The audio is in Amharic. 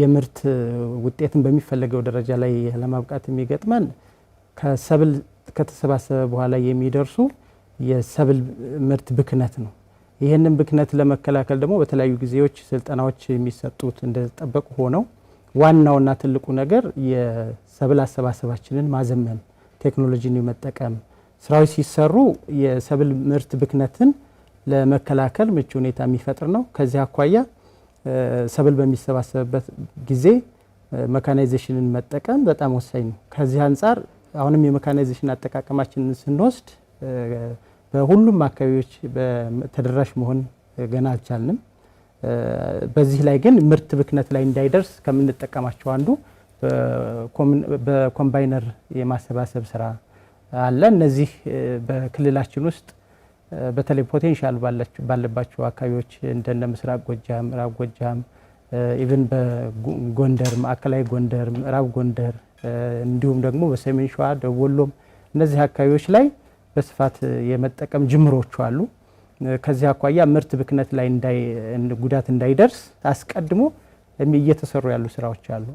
የምርት ውጤትን በሚፈለገው ደረጃ ላይ ለማብቃት የሚገጥመን ከሰብል ከተሰባሰበ በኋላ የሚደርሱ የሰብል ምርት ብክነት ነው። ይህንን ብክነት ለመከላከል ደግሞ በተለያዩ ጊዜዎች ስልጠናዎች የሚሰጡት እንደተጠበቁ ሆነው ዋናውና ትልቁ ነገር የሰብል አሰባሰባችንን ማዘመን፣ ቴክኖሎጂን መጠቀም፣ ስራዎች ሲሰሩ የሰብል ምርት ብክነትን ለመከላከል ምቹ ሁኔታ የሚፈጥር ነው። ከዚህ አኳያ ሰብል በሚሰባሰብበት ጊዜ መካናይዜሽንን መጠቀም በጣም ወሳኝ ነው። ከዚህ አንጻር አሁንም የመካናይዜሽን አጠቃቀማችንን ስንወስድ በሁሉም አካባቢዎች ተደራሽ መሆን ገና አልቻልንም። በዚህ ላይ ግን ምርት ብክነት ላይ እንዳይደርስ ከምንጠቀማቸው አንዱ በኮምባይነር የማሰባሰብ ስራ አለ። እነዚህ በክልላችን ውስጥ በተለይ ፖቴንሻል ባለባቸው አካባቢዎች እንደነ ምስራቅ ጎጃም፣ ምዕራብ ጎጃም ኢቭን በጎንደር ማዕከላዊ ጎንደር፣ ምዕራብ ጎንደር እንዲሁም ደግሞ በሰሜን ሸዋ ደወሎም እነዚህ አካባቢዎች ላይ በስፋት የመጠቀም ጅምሮቹ አሉ። ከዚህ አኳያ ምርት ብክነት ላይ ጉዳት እንዳይደርስ አስቀድሞ እየተሰሩ ያሉ ስራዎች አሉ።